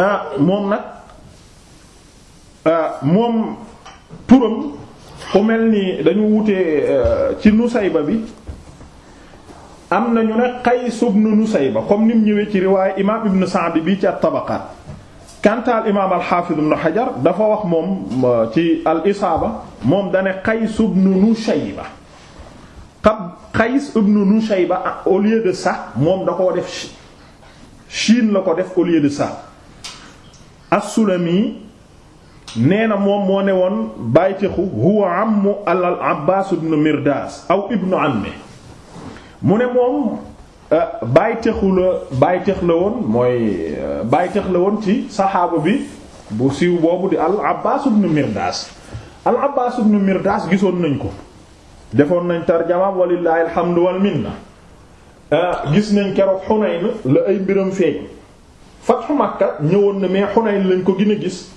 Ah, moom nag ah, moom turam ku mel ni dañu wute eh, ci Nusayba bi am na ñu ne Qays ibn Nusayba comme ni mu ñëwee ci riwaaya imaam Ibn Sa'd bi ci at-Tabaqaat kantaal imaam al-Hafiz ibn Hajar dafa wax moom eh, ci al-Isaaba moom dane Qays ibn Nusayba qab Qays ibn Nusayba au lieu de moom da koo def Chine la ko def au lieu as-Sulami nee na moom moo ne woon bàytixu huwa ammu al-Abbaas ibn Mirdaas aw ibnu ammi mu ne moom euh, bàytixu la bàytix la woon mooy euh, bàytix la woon ci saxaaba bi bu siiw boobu di al-Abbaas ibn Mirdaas al-Abbaas ibn Mirdaas gisoon nañ ko defoon nañ tarjamaam walillaahi alhamdu wal euh, gis nañ keroog Hunayn la ay mbiram feeñ fatxu Makka ñëwoon na mais Hunayn lañ ko gin a gis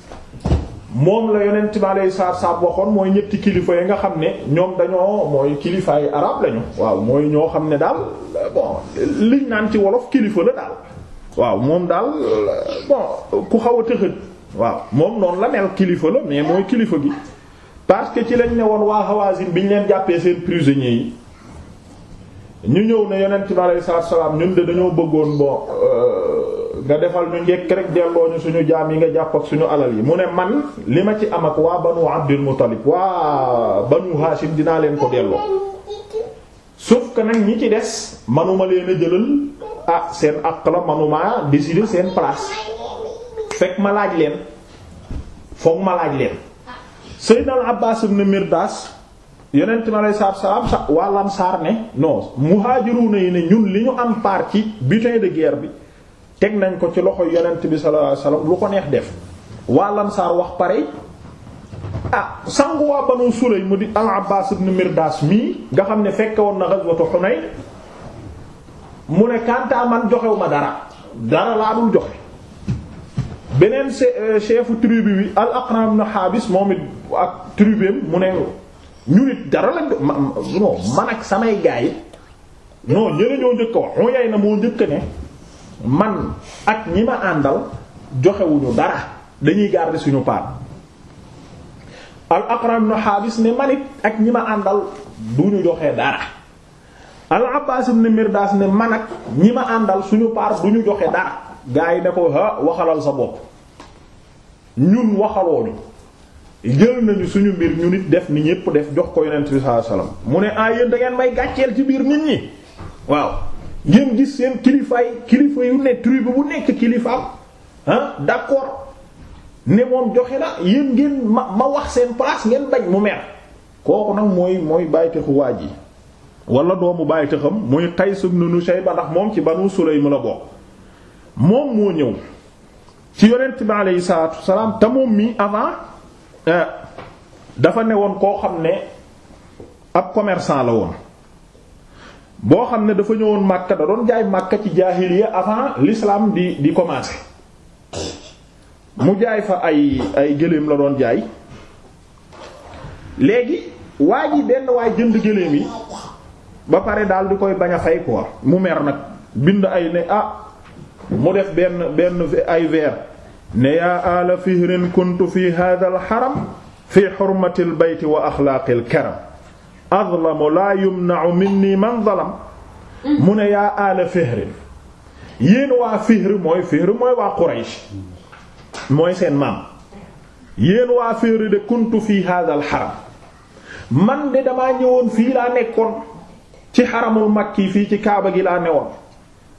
moom la yeneen bi alayhi salaatu salaam waxoon mooy ñetti kilifa yi nga xam ne ñoom dañoo mooy kilifa yi arab lañu waaw mooy ñoo xam ne daal bon liñ naan ci wolof kilifa la daal waaw moom daal bon ku xaw a tëxët waaw moom noonu la mel kilifa la mais mooy kilifa gi parce que ci lañ ne woon waa Hawazin bi ñu leen jàppee seen prisonniers yi ñu ñëw ne yonent bi alayhi salaatu salaam ñun de dañoo bëggoon bon euh, nga defal ñu njekk rek delloo ñu suñu jaam yi nga jàpp ak suñu alal yi mu ne man li ma ci am ak waa banu Abdul Muttalib waa banu Hashim dinaa leen ko delloo sauf que nag ñi ci des manuma leen a jëlal ah seen àq la manuma décider seen place fekk ma laaj leen foog ma laaj leen Sayyid al Abbas ibn Mirdas yonent mi aleyhi salaatu wa salaam waa Ansaar ne non muhaajiruuna yi ne ñun li ñu am part ci butin de guerre bi teg nañ ko ci loxo yonent bi sallallahu alayhi lu ko neex def waa Ansaar wax pare a ah, sangu waa Banu Sulaym mu di al-Abbaas ibn Mirdaas mii nga xam ne fekk woon na ghazwatu Hunayn mu ne kantaa man joxewu ma dara dara laa dul joxe beneen euh, chefu tribu bi al-Aqra ibn Haabis moom it ak tribu mu ne ñu nit dara lañ do man ak samay gaay yi non ñeneen ñoo njëkk wax on yaay na moo njëkk ne man ak ñi ma àndal joxewuñu dara dañuy garder suñu part al Aqra ibn Habis ne man ak ñi ma àndal du ñu joxe dara al Abbas ibn Mirdas ne man ak ñi ma àndal suñu part du ñu joxe dara. gaa yi ne ko ha waxalal sa bopp ñun waxaloo jël nañu suñu mbir ñu nit def ni ñépp def jox ko yonent bi sallallahu mu ne ah yéen da ngeen may gàcceel ci biir nit ñi waaw ngeen gis seen kilifaay kilifa yu ne tribu bu nekk kilifaam ah d'accord ne moom joxe na yéen ngeen ma wax seen place ngeen bañ mu mer kooku nag mooy mooy bàyyitaxu waaj yi wala doomu bàyyitaxam muy Qays ibn Nushayba ndax moom ci Banu Sulaym la bokk moom moo ñëw ci yonent bi alayhi salaatu wasalaam te moom mi avant. Eh, dafa ne woon koo xam ne ab commerçant la woon boo xam ne dafa ñëwoon Makka da doon jaay Makka ci yi avant l'islam di di commencer mu jaay fa ay ay gëléem la doon jaay léegi waa ji benn waay jënd gëléem yi ba pare daal di koy bañ a fay quoi mu mer nag bind ay ne ah mu def benn benn ay verre ne yaa aala fihrin kuntu fi hadha alxaram fi xurmati albayti wa axlaaqi alkaram adlamu laa yumna'u minni man zalam mu ne yaa aala fihrin yéen waa fihr mooy fihr mooy waa quraysh mooy seen maam yéen waa fihr de kuntu fi hadha alxaram man de damaa ñëwoon fii laa nekkoon ci xaramul makki fii ci kaaba gi laa newoon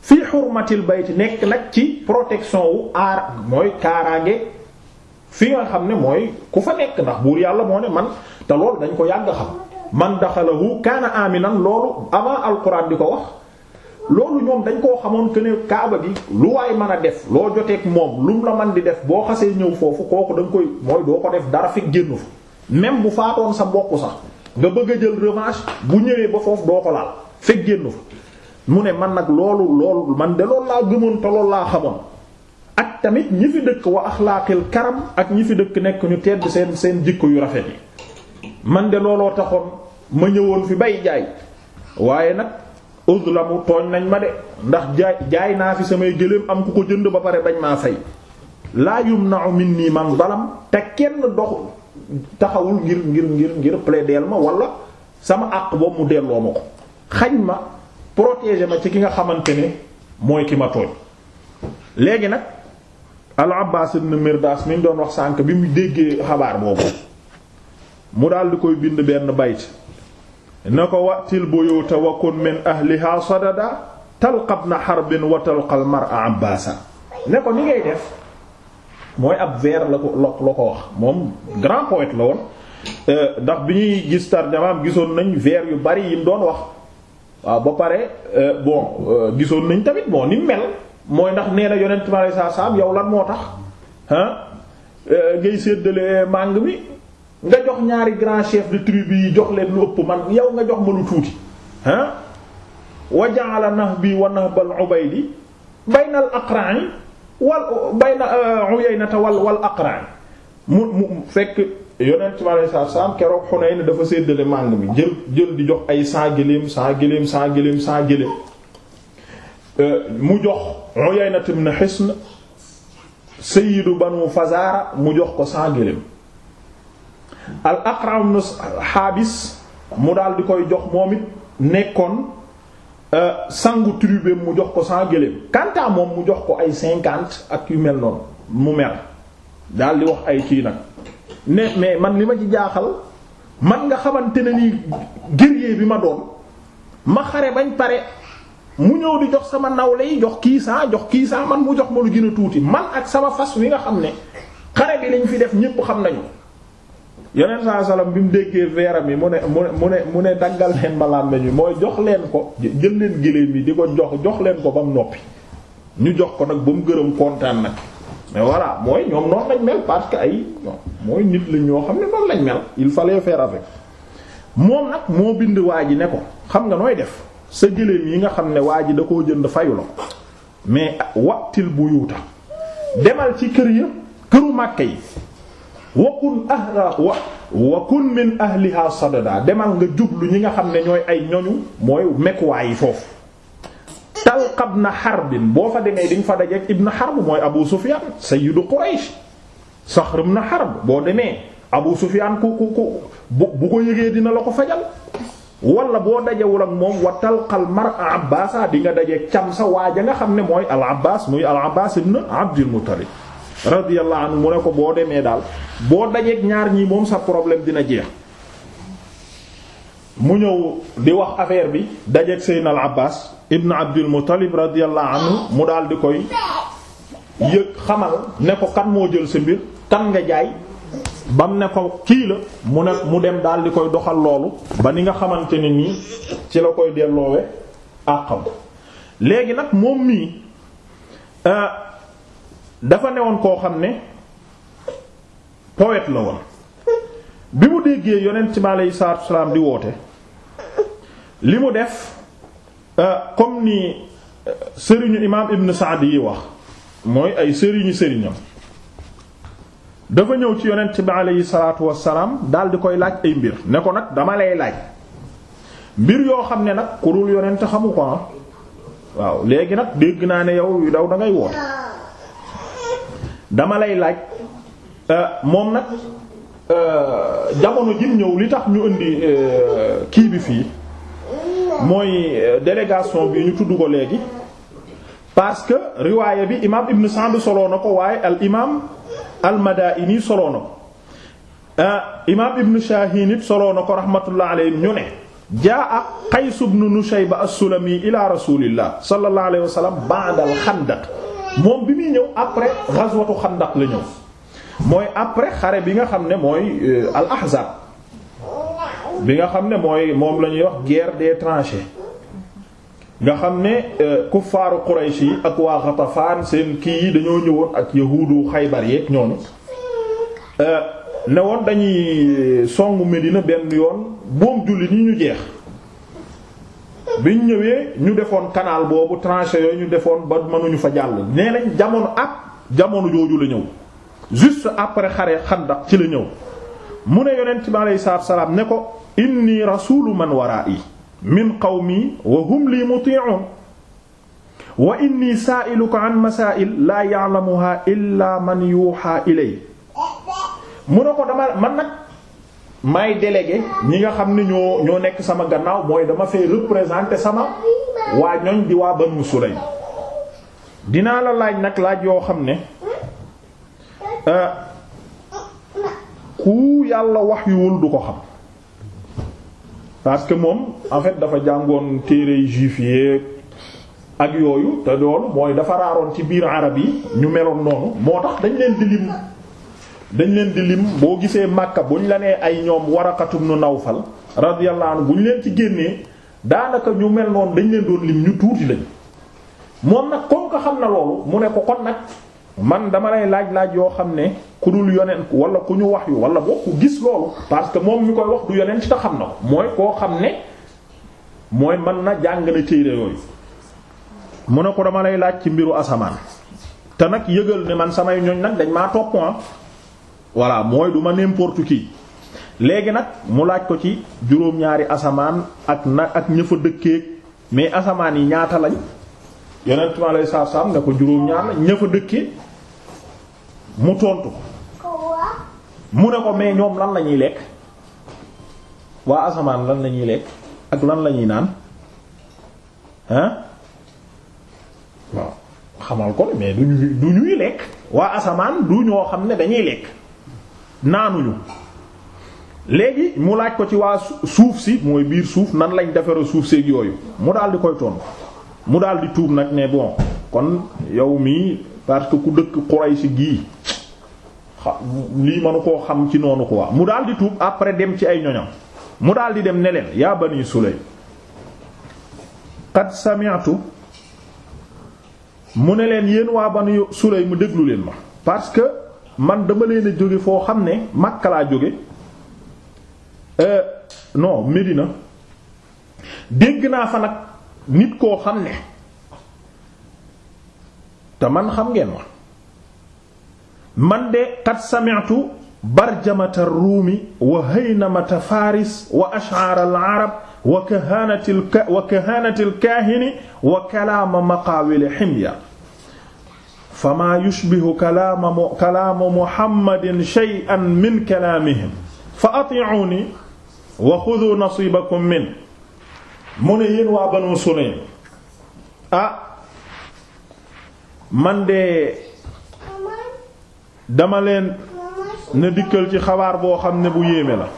fii xurmatil bayt nekk nag ci protection wu aar mooy kaaraange fi nga xam ne mooy ku fa nekk ndax buur yàlla moo ne man te loolu dañ ko yàgg xam man daxalahu kaana aminan loolu avant alquran di ko wax loolu ñoom dañ koo xamoon que kaaba gi lu waay mën a def loo joteeg moom lu mu la man di def boo xasee ñëw foofu kooku da koy mooy doo ko def dara fekk génnu fa même bu faatoon sa bokk sax nga bëgg a jël revanche bu ñëwee ba foofu doo ko génnu fa mu ne man nag loolu loolu man de loolu laa gëmoon te laa xamoon ak tamit ñi fi dëkk wa axlaaqil karam ak ñi fi dëkk nekk ñu tedd seen seen jikko yu rafet yi man de looloo taxoon ma ñëwoon fi bay jaay waaye nag uzlamu tooñ nañ ma de ndax jaay jaay naa fi samay gëléem am ku ko jënd ba pare bañ maa fay laa yumna'u nii man zalam te kenn dox taxawul ngir ngir ngir ngir plaideel ma wala sama àq boobu mu delloo ma ko xañ ma protéger ma ci ki nga xamante ni mooy ki ma tooñ léegi nag al Abbaas Mirdaas mi ñu doon wax sànk bi mu déggee xabaar boobu mu dal di koy bind benn bayt na ko watil buyuta wa kun min ahliha sadada talqab na xarbin wa talqal mar'a Abbaasa ne ko ni def mooy ab vers la ko la ko wax moom grand poète la woon euh, ndax bi ñuy gis tarjamaam gisoon nañ veer yu bari yi mu doon wax waaw ba pare euh, bon euh, gisoon nañ tamit bon ni mel mooy ndax nee na yonent ma saa saam yow lan moo tax ah ngay séddale màng mi nga jox ñaari grand chef de tribu yi jox leen lu ëpp man yow nga jox ma lu tuuti ah wa ja'ala nahbi wa nahbal ubaydi baynal aqra'i wal bayna uyaynata wal wal aqra'i mu mu fekk yonent bi alayhi dafa séddale màng mi jël jël di jox ay cent gëléem cent gëléem cent gëléem cent gëléem euh, mu jox Uyayna ibn Hisn sayyidu banu Fazaara mu jox ko cent gëléem al Aqra' ibn Haabis mu daal di koy jox moom it nekkoon euh, sangu tribu mu jox ko cent gëléem kanta moom mu jox ko ay cinquante ak yu mel noonu mu mer daal di wax ay kii nag ne mais man li ma ci jaaxal man nga xamante ne nii guerrier bi ma doon ma xare bañ pare mu ñëw di jox sama nawle yi jox kii saa jox kii saa man mu jox ma lu gën a tuuti man ak sama fas wi nga xam ne xare bi lañ fi def ñépp xam nañu. yeneen saa salaam bi mu déggee veeram yi mu ne mu ne mu ne mu ne daggal leen mbalaan la mooy jox leen ko jël leen gëléem yi di ko jox jox leen ko ba mu noppi ñu jox ko nag ba mu gërëm kontaan nag. mais voilà mooy ñoom noonu lañ mel parce que ay mooy nit lañ ñoo xam ne noonu lañ mel il fallait faire avec moom nag moo bind waa ji ne ko xam nga nooy def sa gëléem yi nga xam ne waa ji da koo jënd fayu mais waqtil bu yuuta demal ci kër ya këru màkke yi wakun ahla wa wakun min ahliha sadada demal nga jublu ñi nga xam ne ñooy ay ñoñu mooy mekuwaay yi foofu Irqa ibn Harb boo fa demee di nga fa dajeek ibn Harb mooy Abu Sufyan sayyidu Quraysh Saxr ibn Harb boo demee Abu Sufyan ku ku ku bu ko yëgee dina la ko fajal wala boo dajewul moom wa talqal mar'a Abbaasa di nga dajeek cam sa waaja nga xam ne mooy al Abbaas muy al Abbaas ibn Abdul Muttalib radiyallahu anhu mu ne ko boo demee daal boo dajeek ñaar ñii moom sa problème dina jeex mu ñëw di wax affaire bi dajeek Seydina al Abbaas ibn abdul muttalib radiyallahu mu daal di koy yëg xamal ne ko kan moo jël sa mbir kan nga jaay bam ne ko kii la mu ne mu dem daal di koy doxal loolu ba ni nga xamante ne nii ci la koy delloowe àqam léegi nag moom mii euh, dafa newoon koo xam ne poète la woon bi mu déggee yonent bi aleyhi salaatu wa salaam di woote li mu def Euh, comme nii euh, sëriñu imaam Ibn Saad yi wax mooy ay sëriñu sëriñam dafa ñëw ci yonent bi aleyhi salaatu wassalaam daal di koy laaj ay mbir ne ko nag dama lay laaj mbir yoo xam ne nag ku dul yonent xamu ko ah. waaw léegi nag dégg naa ne yow yu daw dangay ngay dama lay laaj euh, moom nag jamono jim ñëw li tax ñu indi kii bi fii mooy euh, délégation bi ñu tudd ko léegi parce que riwaaya bi imaam Ibn Sa'd soloo na ko waaye al imaam al Madaini soloo na ko euh, imaam Ibn Shahin it soloo na ko rahmatullah alayhi ñu ne jaa Qays ibn Nushayba as-Sulami ila rasulillah sallallahu alayhi wa sallam ba'da al-Khandaq moom bi muy ñëw après ghazwatu Khandaq la ñëw mooy après xare bi nga xam ne mooy euh, al-Ahzab bi nga xam ne mooy moom la ñuy wax guerre des tranchées nga xam ne euh, kuffaaru Quraysh yi ak waa Ghatafan seen kii yi dañoo ñëwoon ak yahuudu Xaybar yeeg ñooñu euh, ne woon dañuy euh, songu Medina benn yoon boom julli ni ñu jeex ñu ñëwee ñu defoon canal boobu tranché yooyu ñu defoon ba mënuñu fa jàll nee nañ jamono ab jamono jooju la ñëw juste après xare Xandaq ci la ñëw mu ne yonent bi alayhi salaam ne ko inni rasulu man waraa'i min qawmi wa hum li muti'un wa inni saa'iluka an masaa'il laa ya'lamuha illa man yuuha ilay mu ne ko dama man nag may délégué ñi nga xam ne ñoo ñoo nekk sama gannaaw mooy dama fay représenter sama waa ñoñ di waa Banu Sulaym dinaa la laaj nag laaj yoo xam ne euh, ku yàlla wax yuwul du ko xam parce que moom en dafa jàngoon téere juif yi ak yooyu te loolu mooy dafa raaroon ci biir arab yi ñu meloon noonu moo tax dañ leen di lim dañ leen di lim boo gisee Makka buñ la nee ay ñoom waraqatum nu nawfal radiyallahu anhu buñ leen ci génnee daanaka ñu mel noonu dañu leen doon lim ñu tuuti lañ moom nag comme ko xam na loolu mu ne ko kon nag man dama lay laaj-laaj yoo xam ne ku dul yonent wala ku ñu wax yu wala bokku gis loolu parce que moom ñu koy wax du yonent ta xam na ko mooy koo xam ne mooy mën na jàngale téere yooyu mu ne ko dama lay laaj ci mbiru asamaan te nag yëgal ne man samay ñoñ nag dañ maa topp ah. voilà mooy du ma n'importe qui léegi nag mu laaj ko ci juróom-ñaari asamaan ak na ak ña fa mais asamaan yi ñaata lañ yonent ma lay saab saab ne ko juróom-ñaar la ña mu tontu mu ne ko mais ñoom lan la ñuy lekk waa asamaan lan la ñuy lekk ak lan la ñuy naan hein waaw xamal ko mais du ñu du ñuy lekk waa asamaan du ñoo xam ne dañuy lekk naanuñu léegi mu laaj ko ci waa suuf si mooy biir suuf nan lañ defara suuf seeg yooyu mu daal di koy tontu mu daldi di tuub nag ne bon kon yow mii parce que ku dëkk Quraysh gii lii manu koo xam ci noonu ko quoi mu daal di tuub après dem ci ay ñoñam mu daal di dem ne leen yaa bani Sulaym qad sami'tu mu ne leen yéen waa bani Sulaym mu déglu leen ma parce que man dama leen jóge foo xam ne Makka laa jóge euh, non Medina dégg naa fa nag nit koo xam ne te man xam ngeen ma man de qad sami'tu barjamata ruumi wa haynamata faris wa ash'ar al-arab wa kahanati al-kahini wa kalaama maqaawil himya famaa yushbihu kalaama kalaama muhammadin shay'an min kalaamihim fa ati'uuni wa khudhuu nasiibakum min mu ne yéen waa Banu Sulaym ah man de dama leen na dikkal ci xabaar boo xam ne bu yéeme la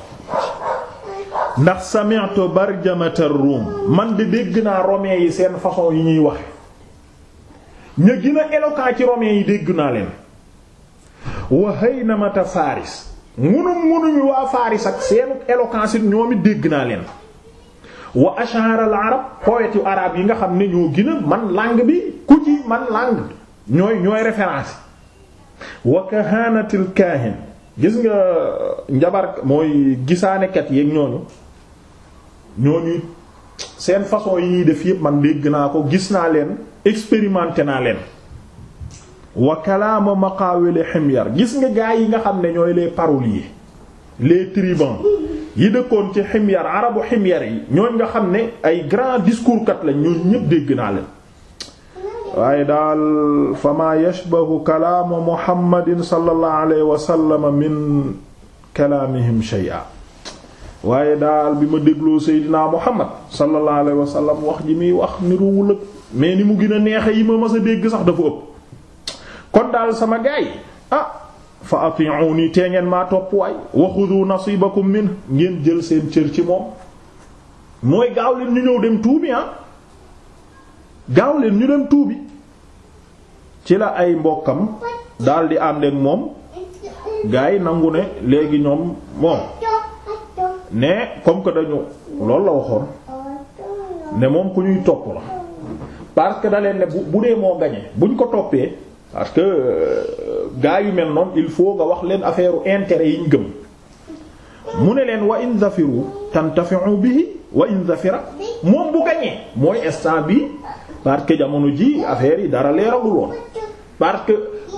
ndax sami'tu barjamatar ruum man di dégg naa romains yi seen façon yi ñuy waxe ña gën a ci romains yi dégg naa leen wa haynamata faaris ngunum ngunumi waa faaris ak seen éloquence it ñoom dégg naa leen wa ash'ar al arab poètes yu yi nga xam ne ñoo gën a man langue bi ku ci man langue ñooy ñooy référence wa kahanatil kaahin gis nga uh, njabar mooy gisaanekat yeeg ñooñu ñooñu seen façon yi ñuy def yépp man dégg naa ko gis naa leen expérimenté naa leen wa kalaama maqaawili ximyar gis nga gaay yi nga xam ne ñooy les yi les tribuns yi dëkkoon ci ximyar arabu ximyar yi ñooñ nga xam ne ay grands discours kat lañ ñooñu ñépp dégg naa leen waaye daal famaa yashbahu kalaamu muhammadin sallallahu alayhi wa sallam min kalaamihim shay'a waaye daal bi ma dégloo seydinaa muhammad sallallahu alayhi wa sallam wax ji muy wax niruwul ak mais ni mu gën a neexe yi ma mas a dégg sax dafa ëpp kon daal sama gaay ah fa ati'uni tee ngeen maa topp waay wa xudu nasibakum min ngeen jël seen cër ci moom mooy gaaw leen ñëw dem tuubi ah gaaw leen ñu dem tuubi ci la ay mbokkam daldi ànd ak moom gars yi nangu ne léegi ñoom moom ne comme que dañu loolu la waxoon ne moom ku ñuy topp la parce que da leen ne bu bu dee moo gañe buñ ko toppee parce que euh, gars yu mel noonu il faut nga wax leen affaire intérêt yi ñu gëm mu ne leen wa in zafiru tantafi'u bi wa in zafira moom bu gañee mooy instant bi parce que jamono ji affaire yi dara leeragul woon parce que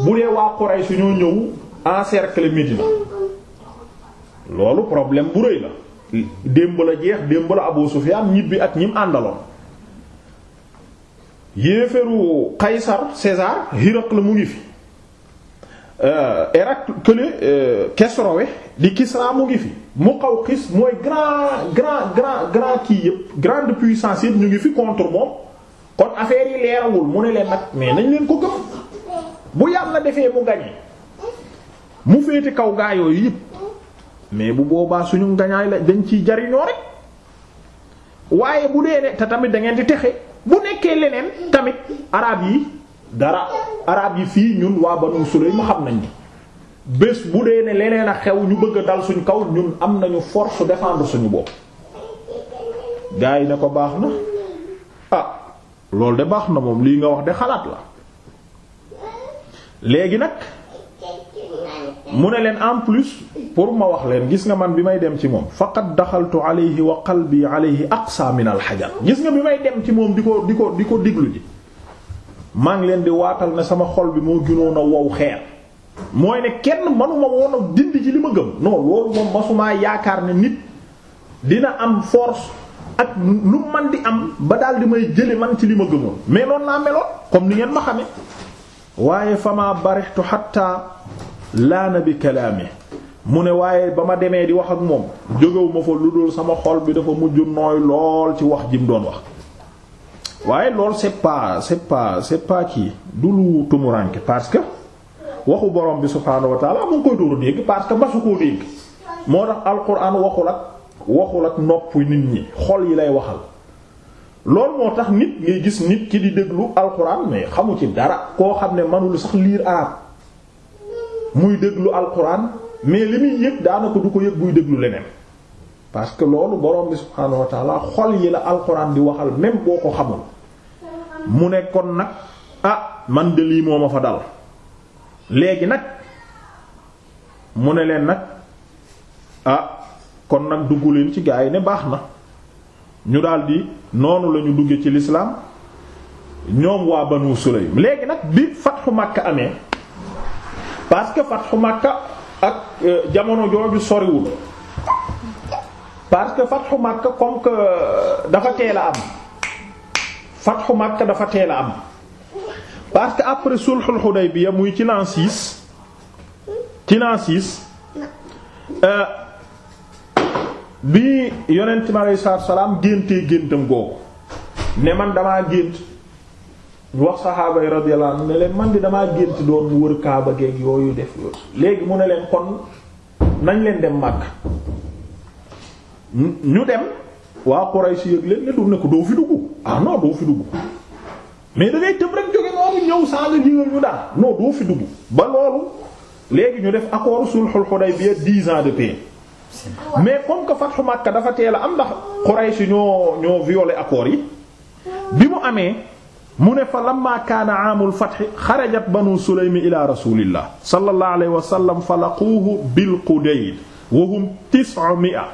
bu dee waa Quraysh su ñoo ñëw encercler Médina loolu problème bu rëy la démb la jeex démb la Abu Sufyan ñibbi ak ñim àndaloon yéeféru Qaysar César Hiraql la mu ngi fi Héraclès euh, euh, Kesrowe di Kisra mu ngi fi mu xaw Muqawqis mooy grand grand grand grand kii yëpp grande puissance yëpp ñu ngi fi contre moom kon affaire yi leerawul mu ne leen nag mais nañ leen ko gëm bu la defee mu gañe mu féete kaw gaa yooyu yëpp mais bu boobaa suñu ngañaay la dañ ciy jariñoo rek waaye bu dee ne te tamit da ngeen di texe bu nekkee leneen tamit araab yi dara arab yi fii ñun waa ba Banu Sulaym xam nañ ni bés bu dee ne leneen a xew ñu bëgg a dal suñu kaw ñun am nañu force défendre suñu bopp gaa yi ne ko baax na. loolu de baax na moom lii nga wax de xalaat la léegi nag mu ne leen en plus pour ma wax leen gis nga man bi may dem ci moom faqad daxaltu alayhi wa qalbi alayhi aqsa min alxajar gis nga bi may dem ci moom di ko di ko di ko diglu ji maa ngi leen di waatal ne sama xol bi moo gënoon a wow xeer mooy ne kenn manuma woon a dindi ci li ma gëm non loolu moom masumaa yaakaar ne nit dina am force ak lu man di am ba daal di may jële man ci li ma gëmoon mais noonu laa meloon comme ni ngeen ma xame waaye fama barixtu xatta laana bi kalaame mu ne waaye ba ma demee di wax ak moom jógewu ma fa lu dul sama xol bi dafa mujj nooy lool ci wax ji mu doon wax waaye lool c'est pas c'est pas kii du lu tumuranke parce que waxu borom bi subhaanahu wa taala mu ngi koy dóoru dégg parce que basu koo dégg moo tax alquran waxul ak waxul ak noppu nit ñi xol yi lay waxal loolu moo tax nit ngay gis nit ki di déglu alxuraan mais xamu ci dara koo xam ne manul sax liir arab muy déglu alxuraan mais li muy yëg daanaka du ko yëg buy déglu leneen parce que loolu borom bi subhaanahu wa taala xol yi la alxuraan di waxal même boo ko xamul mu ne kon nag a ah, man de lii moo ma fa dal léegi nag mu ne leen nag ah kon nag duggu leen ci gaa yi ne baax na ñu daldi noonu la ñu dugge ci lislaam ñoom waa banu sulaym léegi nag bi fatxu makk amee parce que fatxu makka ak euh, jamono jooju soriwul parce que fatxu makka comme que euh, dafa teel a am fatxu makka dafa teel a am parce que après sulhul Hudaybiya muy ci l'an six ci l'an euh, bi yonent mi aleyhi salaam géntee géntam googu ne man damaa gént wax saxaaba yi radiyallahu anhu ne leen man di damaa gént doon wër kaaba geeg yooyu def léegi mu ne leen kon nañ leen dem màkk ñu dem waa Quraysh yëg leen ne du ne ko doo fi dugg ah non doo fi dugg mais da ngay tëb rek jóge noonu ñëw saa la jiwal ñu daal non doo fi dugg ba loolu léegi ñu def accord sulhul Hudaybiyya 10 ans de paix. mais comme que fatxu Makka dafa teel a am ndax Quraysh ñoo ñoo violé accords yi bi mu amee mu ne fa lamma kaana aamul fatxi xarajat banu sulaymi ila rasulillah sallallahu alayhi wa sallam fa laquuhu bil Qudayd wa hum tis'a mi'a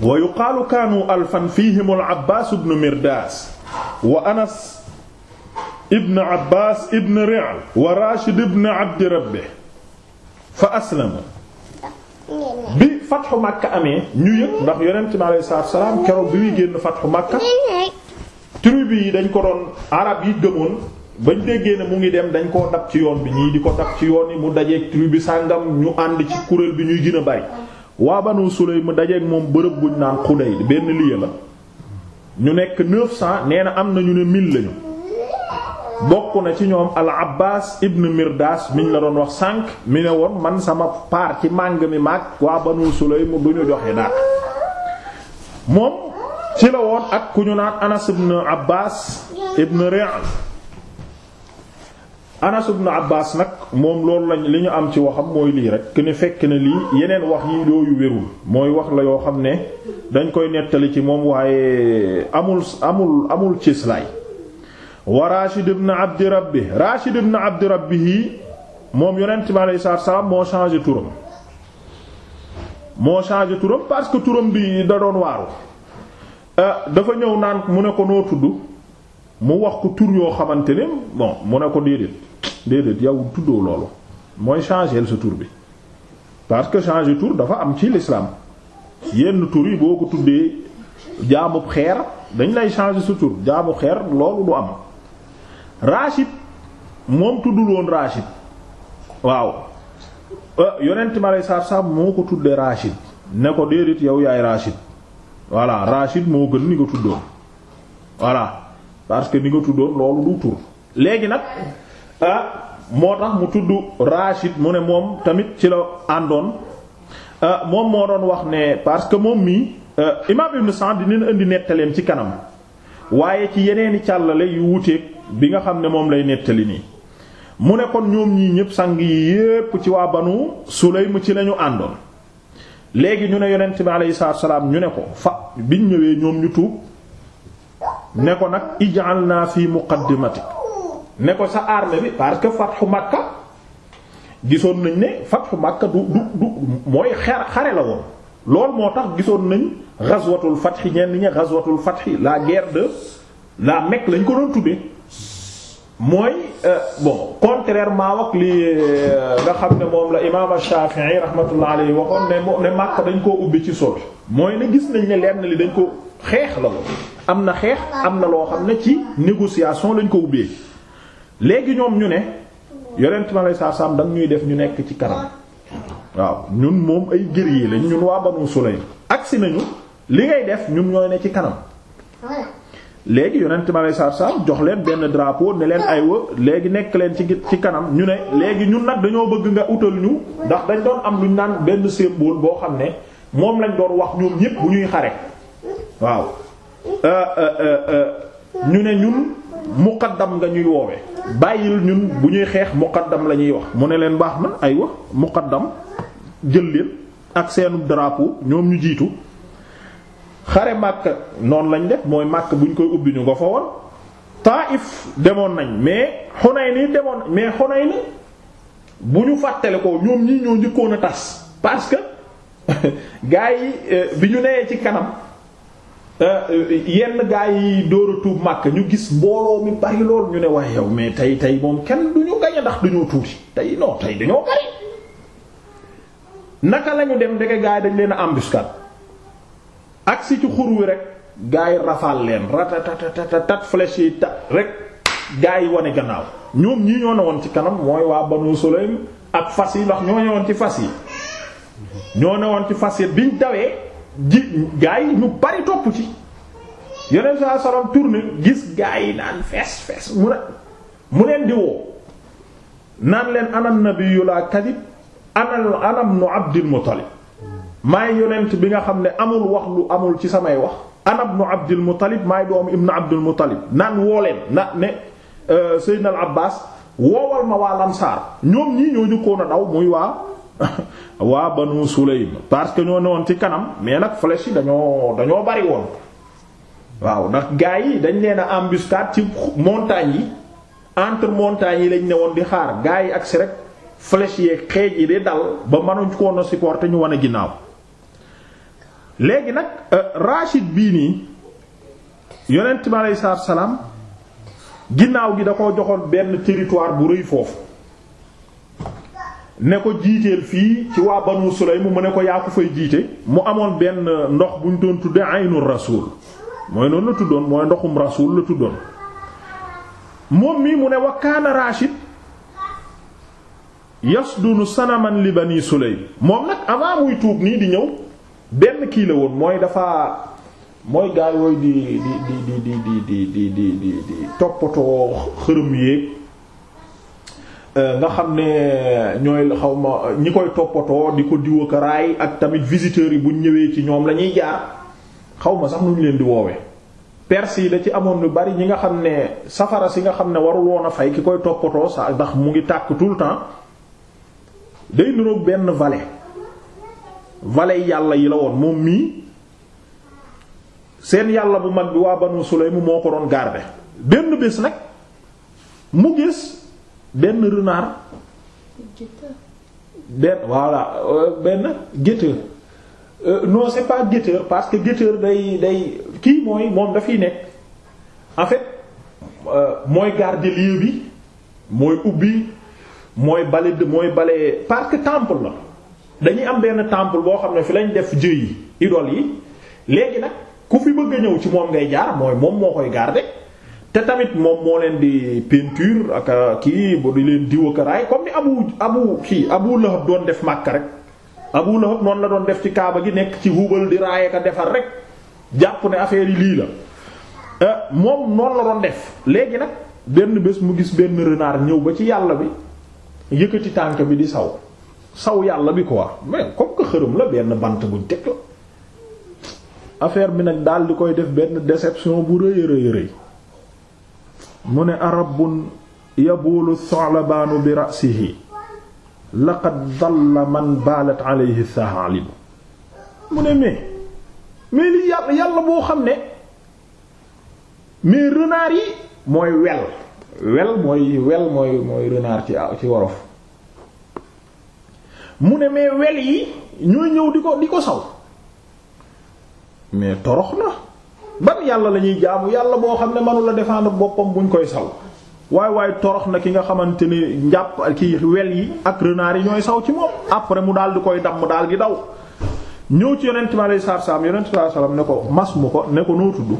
wa yuqaalu kaanu alfan fihim al Abbaas ibn Mirdaas wa Anas ibn Abbaas ibn Ri'l wa Raashid ibn Abdi Rabbih fa aslamu bi fatxu Makka amee ñu yëpp ndax yonent bi alayhi salaatu keroog bi muy génn fatxu Makka tribu yi dañ ko doon arab yi gëmoon bañ déggee na mu ngi dem dañ koo dab ci yoon bi ñii di ko dab ci yoon yi mu dajeeg tribu sàngam ñu ànd ci kuréel bi ñuy gën a bari waa Banu Sulaym mu dajeeg moom bërëb buñ naan Xuday benn lieu la ñu nekk 900 nee na am na ñu ne 1000 lañu. bokk na ci ñoom al abbas ibn mirdas miñ la doon wax sànq mi ne woon man sama paar ci màng mi maag waa banu sulaym mu ñu joxe daal moom ci la woon ak ku ñu naan anas ibn abbas ibn ri'l anas ibn abbas nag moom loolu lañ li ñu am ci waxam mooy lii rek que ne fekk na lii yeneen wax yi yooyu wérul mooy wax la yoo xam ne dañ koy nettali ci moom waaye amul amul amul cislaay wa Rashid ibn Abdi Rabbi Rashid ibn Abdi Rabbi yii moom yonent bi alayhi salaatu salaam moo changé turam moo changé turam parce que turam bi da doon waaru euh, dafa ñëw naan mu ne ko noo tudd mu wax ko tur yoo xamante ne bon mu ne ko déedéet déedéet yow tuddoo loolu mooy changé sa tur bi parce que changé tur dafa am ci l'islam yenn tur yi boo ko tuddee jaamub xeer dañ lay changé sa tur jaamu xeer loolu du am Rachid moom tuddul woon Rachid waaw euh, yonent ma lay saab moo ko tuddee Rachid ne ko déedéet yow yaay Rachid voilà Rachid moo gën ni ko tuddoon voilà parce que ni nga tuddoon loolu du tur léegi nag ah moo tax mu tudd Rachid mu ne moom tamit ci la àndoon ah, moom moo doon wax ne parce que moom mii euh, imaam Ibn Sa'd dinañ indi nettaleem ci kanam waaye ci yeneeni càllale yu wuteek bi nga xam ne moom lay nettali nii mu ne kon ñoom ñii ñépp sang yi yépp ci waa banu Sulaym ci lañu àndoon léegi ñu ne yonent bi alayhi salaatu salaam ñu ne ko fa biñ ñëwee ñoom ñu tuub ne ko nag ij'alna fi muqaddimatik ne ko sa armée bi parce que fathu Makka gisoon nañ ne fathu Makka du du mooy xare xare la woon loolu moo tax gisoon nañ ghazwatul fath ñenn ñi ghazwatul fath la guerre de la Mecque lañ ko doon tuddee mooy euh, bon contrairement ak li euh, nga xam ne moom la imaam Shafi'i rahmatullah alayhi waxoon ne ne Makka dañ koo ubbi ci sol mooy ne gis nañ ne lenn li dañ ko xeex la lool am na xeex am na loo xam ne ci négociation lañ ko ubbee léegi ñoom ñu ne yonent ma lay saa saam danga ñuy def ñu nekk ci kanam waaw ñun moom ay guerrier lañ ñun waa Banu Sulaym agsi nañu li ngay def ñun ñooy ne ci kanam léegi yonent ma lay saar saar jox leen benn drapeau ne leen aywa léegi nekk leen ci ci kanam ñu ne léegi ñun nag dañoo bëgg nga utal ñu ndax dañ doon am lu ñu naan benn symbole boo xam ne moom lañ doon wax ñoom ñépp bu ñuy xare waaw euh, euh, euh, ñu ne ñun muqaddam nga ñuy woowee bàyyil ñun bu ñuy xeex muqaddam la ñuy wax mu ne leen baax na aywa muqaddam jël leen ak seenu drapo ñoom ñu jiitu xare Makka noonu lañ def mooy Makka ñu koy ubbi ñu nga fa woon Taif demoon nañ mais Hunayn demoon mais Hunayn bu ñu fàttale ko ñoom ñii ñoo njëkkoon a tas parce que gaa yi euh, bi ñu nee ci kanam euh, yenn gaa yi dóor a ñu gis mbooloo mi bari lool ñu ne waaye yow mais tey tey moom kenn du ñu gañ ndax dañoo tuuti tey non tey dañoo bari naka lañu dem ndeke gaa yi dañ leen a agsi ci xur wi rek gaa yi rafaal leen ratatatatat flèche yi ta rek gaa yi wane gannaaw ñoom ñi ñoo ne woon ci kanam mooy waa Banu Sulaym ak fas yi ndox ñoo ne woon ci fas yi ñoo ne woon ci fas yi biñ dawee ji gaa yi ñu bari topp ci yeneen saa salam tourné gis gaa yi naan fees fees mu ne mu leen di woo naan leen anam nabiyyu la kadib anam anam nu Abdul Muttalib maay yonent bi nga xam ne amul wax lu amul ci samay wax ana ibnu abdul muttalib maay doomu ibnu abdul muttalib naan wooleen na ne euh, seydina al abbaas woowal ma waa lamsaar ñoom ñii ñoo jëkkoon daw muy waa waa banu sulaym parce que ñoo newoon ci kanam mais nag flèche yi dañoo dañoo bari woon waaw ndax gaa yi dañ leen a embuscade ci montagne yi entre montagnes yi lañ newoon di xaar gaa yi ak si rek flèche yeeg xeej yi di dal ba mënuñ koon a supporter ñu wane ginnaaw léegi nag euh, Rachid bii nii yonent mi aleyhi ginnaaw gi da koo joxoon benn territoire bu rëy foofu ne ko jiiteel fii ci waa Banu Sulaym mu ne ko yaa ko fay jiite mu amoon benn euh, ndox bu ñu doon tuddee aynul rasuul mooy noonu la tuddoon mooy ndoxum rasuul la tuddoon moom mii mu ne wa kaana Rachid yasdunu sanaman li Bani Sulaym moom nag avant tuub nii di ñëw. benn kii la woon mooy dafa mooy gaa yooyu di di di di di di di di di di toppatoo xërëm yéeg nga xam ne ñooy xaw ma ñi koy toppatoo di ko diwa karaay ak tamit visiteurs yi buñ ñëwee ci ñoom la ñuy jaar xaw ma sax nu ñu leen di woowe perse yi da ci amoon lu bari ñi nga xam ne safara si nga xam ne warul woon a ki koy toppatoo sa ndax mu ngi tàkk tout le temps day niroog benn vallée. valey yàlla yi la woon moom mii seen yàlla bu mag bi waa banu Sulaym moo ko doon garder benn bés nag mu gis benn renard benn voilà euh, benn guetteur euh, non c'est pas guetteur parce que guetteur day day kii mooy moom dafiy nekk en euh, mooy garder lieu bi mooy ubbi mooy bale mooy bale parce que temple la dañuy am benn temple boo xam ne fi lañ def jëy yi yi léegi nag ku fi bëgg ñëw ci moom ngay jaar mooy moom moo koy garder te tamit moom moo leen di peinture ak euh, kii bu di leen diw ak raay comme ni abu abu kii abu lahab doon def màkk rek abu lahab noonu la doon def ci kaaba gi nekk ci hubal di raay ak defar rek jàpp ne affaire yi lii la euh, moom noonu la doon def léegi nag benn bés mu gis benn renard ñëw ba ci yàlla bi yëkkati tànk bi di saw saw yàlla bi quoi mais comme que xërëm la benn bant buñ teg la affaire bi nag daal di koy def benn déception bu rëy rëy rëy mu ne arabun yabuulu thalabaanu bi ra'sihi laqad dalla man baalat alayhi thahalibu mu ne mais mais li yàlla boo xam ne mais renard yi mooy wel wel mooy wel mooy mooy renard ci ci wolof mu ne mais wel yi ñooy ñëw di ko di ko saw mais torox na ban yàlla lañuy ñuy jaamu yàlla boo xam ne mënu la défendre boppam buñ koy saw waaye waaye torox na ki nga xamante ni njàpp ki wel yi ak renard yi ñooy saw ci moom après mu daal di koy damm daal di daw ñëw ci yonent bi alayhi salaam yonent bi alayhi salaam ne ko mas mu ko ne ko noo tudd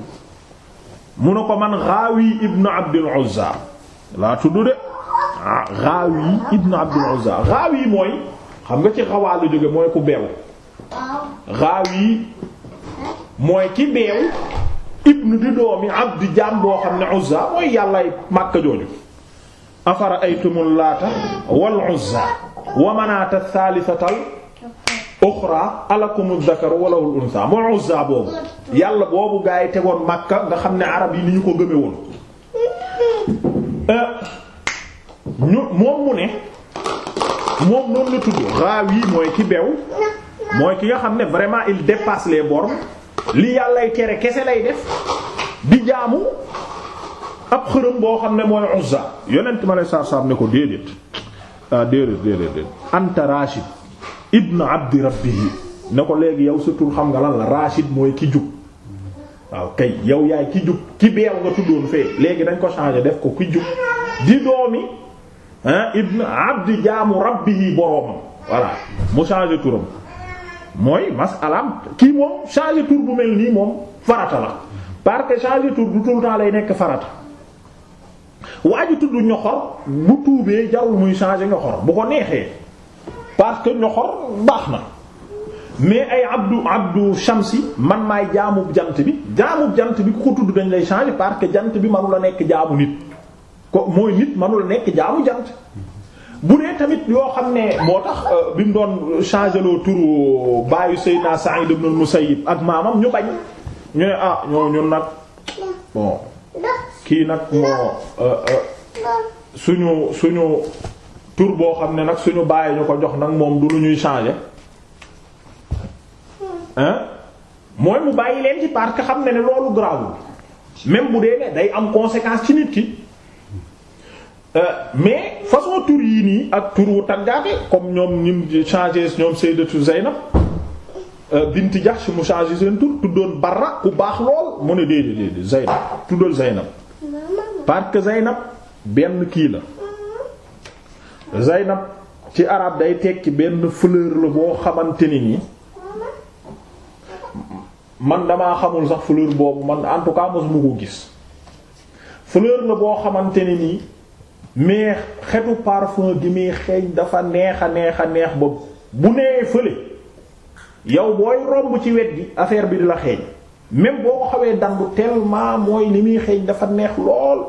mu ne ko man Ghawi ibn Abdul Uzza laa tudd de ah Ghawi Abdul Uzza Ghawi mooy xam nga ci xawaa la jóge mooy ku beew xaaw yi mooy ki beew ibnu di doomi abdi jaam xam ne Uzza mooy yàllaay Makka jooju afara aytumul laata wal Uzza wa manaata thalithatal uxra alakumu dhakaru wa lahul untha mooy Uzza boobu yàlla boobu gaa yi tegoon Makka nga xam ne arab yi ni ñu ko gëme woon euh, ñu moom mu ne moom noonu la tudd raawi mooy ki bew mooy ki nga xam ne vraiment il dépasse les bornes li yàllay tere kese lay def di jaamu ab xërëm boo xam ne mooy Uzza yonent ma lay saab-saab ne ko déedéet ah déedéet déedéet déedéet anta Rashid ibn abdi rabbihi ne ko léegi yow surtout xam nga lan la Rashid mooy ki jub waaw kay yow yaay ki jub ki beew nga tuddoon fee léegi dañ ko changer def ko ki jub di doomi ibn abdi jaamu rabbihi boroomam voilà mu changé turam mooy masalaam kii moom changé tur bu mel nii moom farata la parce que changé tur du lay nekk farata waa ji tudd ñoxor bu tuubee jarul muy changé ñoxor bu ko neexee parce que ñoxor baax na mais ay abdu abdu shamsi man maay jaamub jant bi jaamub jant bi ku ko tudd dañ lay changé parce que jant bi manu la nekk jaamu nit ko mooy nit manul nekk jaamu jant bu dee tamit yoo xam ne moo tax euh, bi mu doon changé loo turu baayu Seydina Sa'id ibn al-Musayyib ak maamam ñu bañ ñu ne ah ñoo ñun nag bon kii nag moo euh, euh, suñu suñu tur boo xam ne nag suñu bàyyi ñu ko jox nag moom du lu ñuy changé hein mooy mu bàyyi leen ci parce que xam ne ne loolu grave même bu dee ne day am conséquence ci nit ki Euh, mais façon tur yii nii ak tour wu taggaate comme ñoom ñim changé ñoom Sayyidatu Zaynab euh, binti Jahsh mu changé seen tur tuddoon Barra ku baax lool mu ne déedéet déedéet Zaynab tuddal Zaynab parce que Zaynab benn kii la Zaynab ci arab day tekki benn fleur la boo xamante ni nii man damaa xamul sax fleur boobu man en tout cas mosuma ko gis fleur la boo xamante ni nii mais xetu parfum gi muy xeeñ dafa neex a neex a neex ba bu nee fële yow booy romb ci wet gi affaire bi di la xeeñ même boo xawee dandu tellement mooy li muy xeeñ dafa neex lool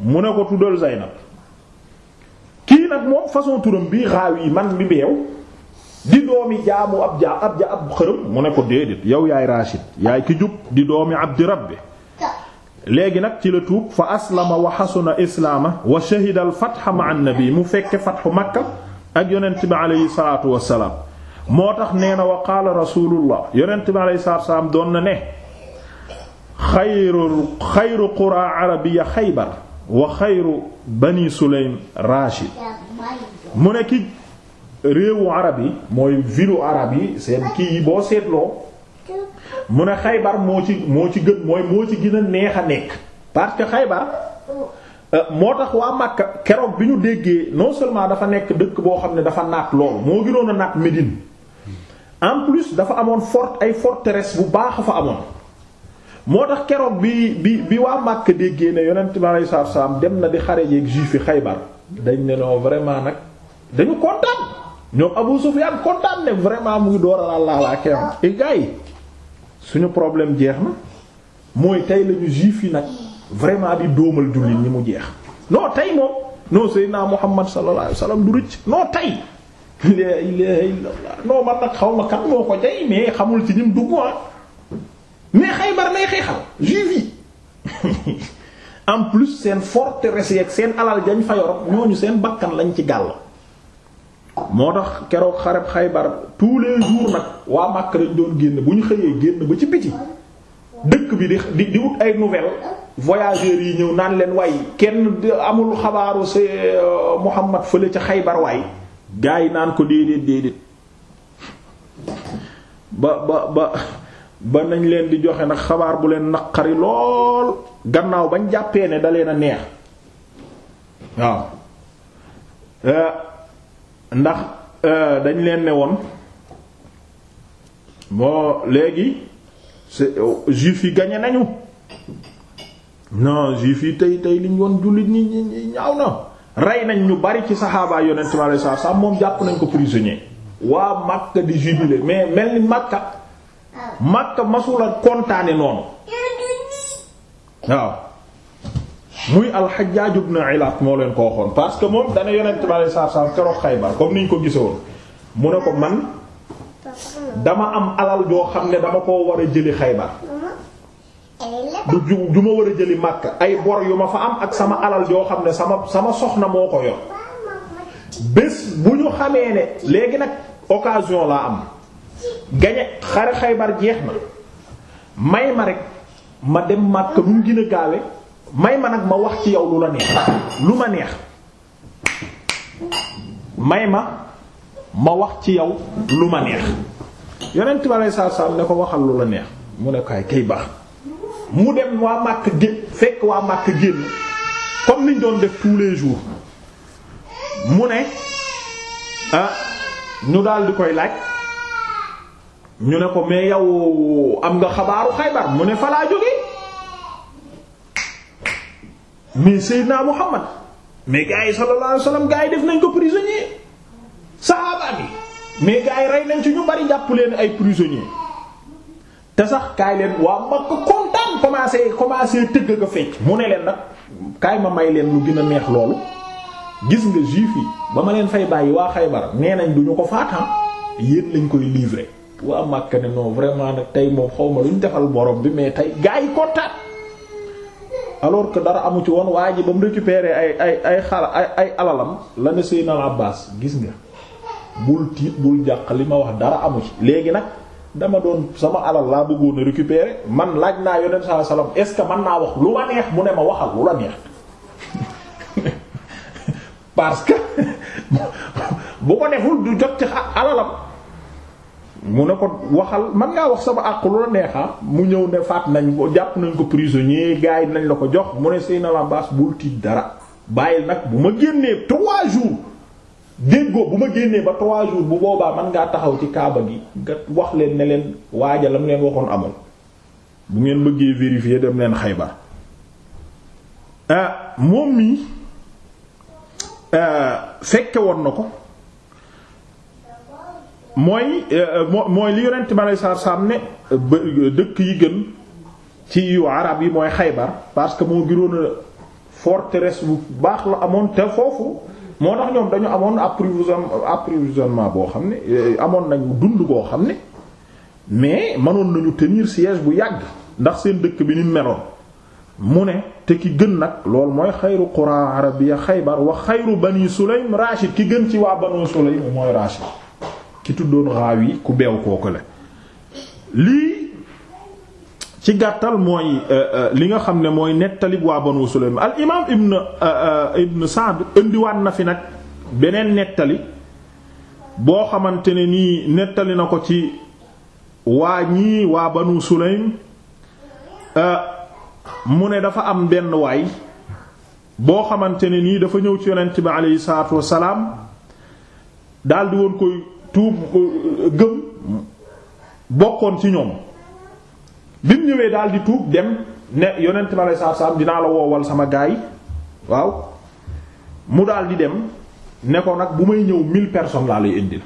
mu ne ko tuddal Zaynab kii nag moom façon turam bi raaw yi man bi beew di doomi jaamu ab ja ab ja ab xërëm mu ne ko déedéet yow yaay Rashid yaay ki jub di doomi Abdi Rabbi léegi nag ci la tuub fa aslama wa xasuna islaama wa shahida al fatha ma annabi mu fekke fathu makka ak yonent bi aleyhi salaatu moo tax nee na wa qaala rasulullah yonent bi aleyhi salaatu wasalaam doon na ne xayru xayru qura arabiya xaybar wa xayru bani sulaym rashid mu ne ki réewu arab yi mooy vilu arab yi seen kii yi boo seetloo mu ne xaybar moo ci moo ci gën mooy moo ci gën a neex a nekk parce que xaybar euh, moo tax waa Makka keroog bi ñu déggee non seulement dafa nekk dëkk boo xam ne dafa naat lool moo gënoon a naat Médine en plus dafa amoon fort ay forteresse bu baax a fa amoon moo tax keroog bi bi bi waa Makka déggee ne yonent bi alayhi salaatu salaam dem na di xare yeeg juif yi Xaybar dañ ne non vraiment nag dañu kontaan ñoom Abu Sufyaan kontaan ne vraiment mu ngi door a laal laalaa keroog yi suñu problème jeex na mooy tey la ñu juif yi nag vraiment di dóomal jullit ñi mu jeex non tey moom non naa Muhammad sallallahu alayhi wasallam du rëcc non tey la ilaha nag xaw ma kan moo ko jay mais xamul ci ñim dugg ah mais Xaybar lay xeexal juif yi en plus seen forteresse yeeg seen alal jañ fa yor ñooñu seen bakkan lañ ci gàll moo tax keroog xareb xaybar tous les jours nag waa màkk lañ doon génn bu ñu xëyee génn ba ci biti dëkk bi di di wut ay nouvelle voyageurs yi ñëw naan leen waay kenn amul xabaaru si euh, Muhammad fële ca xaybar waay gars yi naan ko déedéet déedéet ba ba ba ba nañ leen di joxe nag xabaar bu leen naqari lool gannaaw bañ jàppee ne da leen a neex waaw euh, ndax euh, dañ leen ne woon bon léegi c'est juif yi gañe nañu non juif yi tey tey liñ woon jullit ñi ñi ñaaw na rey nañ ñu bari ci saxaaba yonent mi alayhi sax moom jàpp nañ ko prisonnier waa Makka di jubilé mais mel ni Makka Makka masula kontaane noonu waaw muy al-Hajjaj ibn Ilat moo leen ko waxoon parce que moom dana yonent bi alayhi salaatu salaam keroog Xaybar comme ñu ko gisoon mu ne ko man dama am alal joo xam ne dama koo war a jëli Xaybar du ju ju ma war a jëli Makka ay bor yu ma fa am ak sama alal joo xam ne sama sama soxna moo ko yor bés bu ñu xamee ne léegi nag occasion laa am gañe xare Xaybar jeex na may ma rek ma dem Makka mu gën a gaawe may ma nag ma wax ci yow lu la neex lu ma neex may ma ma wax ci yow lu ma neex yonent bi saa salaatu salaam ne ko waxal lu la neex mu ne kaay kay baax mu dem waa Makka gé fekk waa Makka génn comme niñ doon def tous les jours mu ne ah ñu daal di koy laaj ñu ne ko mais yow am nga xabaaru Xaybar mu ne fa laa mais Seydina Muhammad mais gars yi sallallahu alayhi gaa yi def nañ ko prisonnier saxaaba bi mais gars yi rey nañ ci ñu bari jàpp leen ay prisonnier te sax kaay leen waa Makka kontaan commencé commencé tëgg ko fecc mu ne leen nag kaay ma may leen lu gën a neex loolu gis nga juif yi ba ma leen fay bàyyi waa Xaybar nee nañ duñu ko faatan yéen lañ koy livrer waa Makka ne non vraiment nag tey moom xaw ma ñu defal borom bi mais tey gars yi kontaan. alors que dara amu ci woon waa ji ba mu récupérer ay ay ay xala ay ay alalam la ne Seydina Abbas gis nga bul tiit bul jàq li ma wax dara amu ci léegi nag dama doon sama alal laa bëggoon a récupérer man laaj naa yonent sallallahu alayhi wasallam est-ce que mën naa wax lu ma neex mu ne ma waxal lu la neex parce que bu ko deful du jot ci alalam mu ne ko waxal man ngaa wax sama àq lu la neexaa ah? mu ñëw ne faat nañ ko jàpp nañ ko prisonnier gars yi nañ la ko jox mu ne Seydina Abbas bul tiit dara bàyyil nag bu ma génnee trois jours déggoo bu ma génnee ba trois jours bu boobaa man ngaa taxaw ci kaaba gi nga wax leen ne leen waaja la mu leen waxoon amul bu ngeen bëggee vérifier dem leen Xaybar ah moom mi ah, fekke woon na ko mooy euh, mooy li yonent ma lay saar saam dëkk yi gën ci yu arab yi mooy xaybar parce que moo giroon a bu baax la amoon te foofu moo tax ñoom dañu amoon approvisionnement approvisionnement boo xam ne euh, amoon nañu dund boo xam ne mais mënoon nañu tenir siège bu yàgg ndax seen dëkk bi ni meloon mu ne te ki gën nag loolu mooy xayru qura arabia xaybar wa xayru bani sulaym rachid ki gën ci waa banu sulaym mooy rachid ki tuddoon raaw yi ku beew kooku la lii ci gàttal mooy euh, euh, li nga xam ne mooy nettali waa Banu Sulaym al imaam Ibn euh, Ibn indiwaat na fi nag beneen nettali boo xamante ne nii nettali na ko ci waa ñii waa Banu Sulaym mu ne dafa am benn waay boo xamante ne nii dafa ñëw ci yonent bi aleyhi salaatu wa salaam daldi woon koy. tuub euh, gëm bokkoon ci ñoom bi mu ñëwee daal di tuub dem ne yonent ma lay saab dinaa la woowal sama gaay waaw mu daal di dem ne ko nag bu may ñëw mille personnes laa lay indil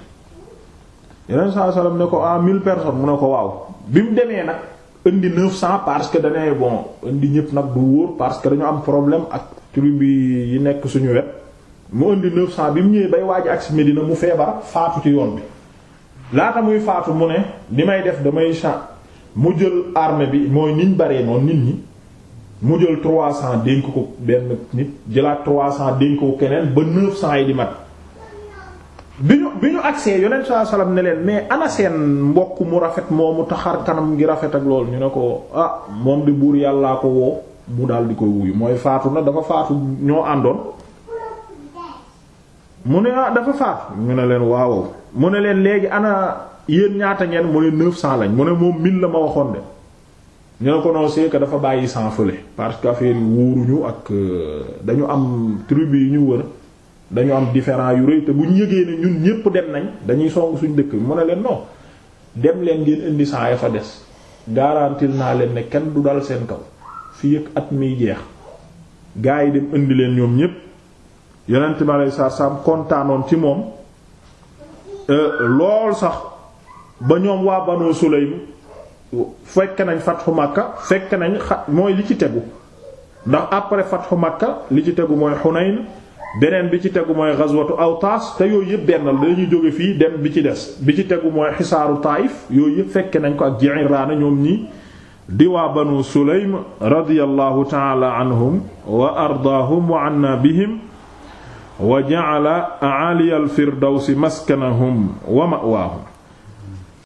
yeneen saa salaam ne ko ah mille personnes mu ne ko waaw bi mu demee nag indi neuf cent parce que danee bon indi ñëpp nag du wóor parce que dañu am problème ak tribu yi nekk suñu wet mu indi 900 bi mu ñëwee bay waaj agsi Medina mu feebar faatu ci yoon bi laata muy faatu mu ne li may def damay chan mu jël arme bi mooy niñ baree noonu nit ñi mu jël 300 dénk ko benn nit jëlaat 300 dénk ko keneen ba 900 yi di mat bi ñu bi ñu agsee yonent saa salaam ne leen mais ana seen mbokk mu rafet moomu taxar kanam ngi rafet ak loolu ñu ne ko ah moom di buur yàllaa ko woo mu daal di koy wuyu mooy faatu na dafa faatu ñoo àndoon. mu ne ah dafa faatu ñu ne leen waaw mu ne leen léegi ana yéen ñaata ngeen mu ne 900 lañ mu ne moom 1000 la ma waxoon de ñu ne ko non c'est dafa bàyyi sans fële parce que affaire yi wóoruñu ak euh, dañu am tribu yi ñu wër dañu am différent yu rëy te bu ñu yëgee ne ñun ñépp dem nañ dañuy song suñ dëkk bi mu ne leen non dem leen ngeen indi saa ya fa des garantil naa leen ne kenn du dal seen kaw fii ak at miy jeex gaa yi dem indi leen ñoom ñépp. yonent mi alayhi salaatu kontaanoon ci moom euh, lool sax ba ñoom waa Banu Sulaym fekk nañ fatxu Makka fekk nañ xa mooy li ci tegu ndax après fatxu Makka li ci tegu mooy Hunayn beneen bi ci tegu mooy aw Awtaas te yooyu yëpp benn la jóge fii dem bi ci des bi ci tegu mooy xisaaru Taayif yooyu yëpp fekke nañ ko ak Ji'irraana ñoom nii di waa Banu Sulaym radiyallahu ta'ala anhum wa ardaahum wa anna bihim wa ja'ala a'ali al-firdawsi maskanahum wa ma'waahum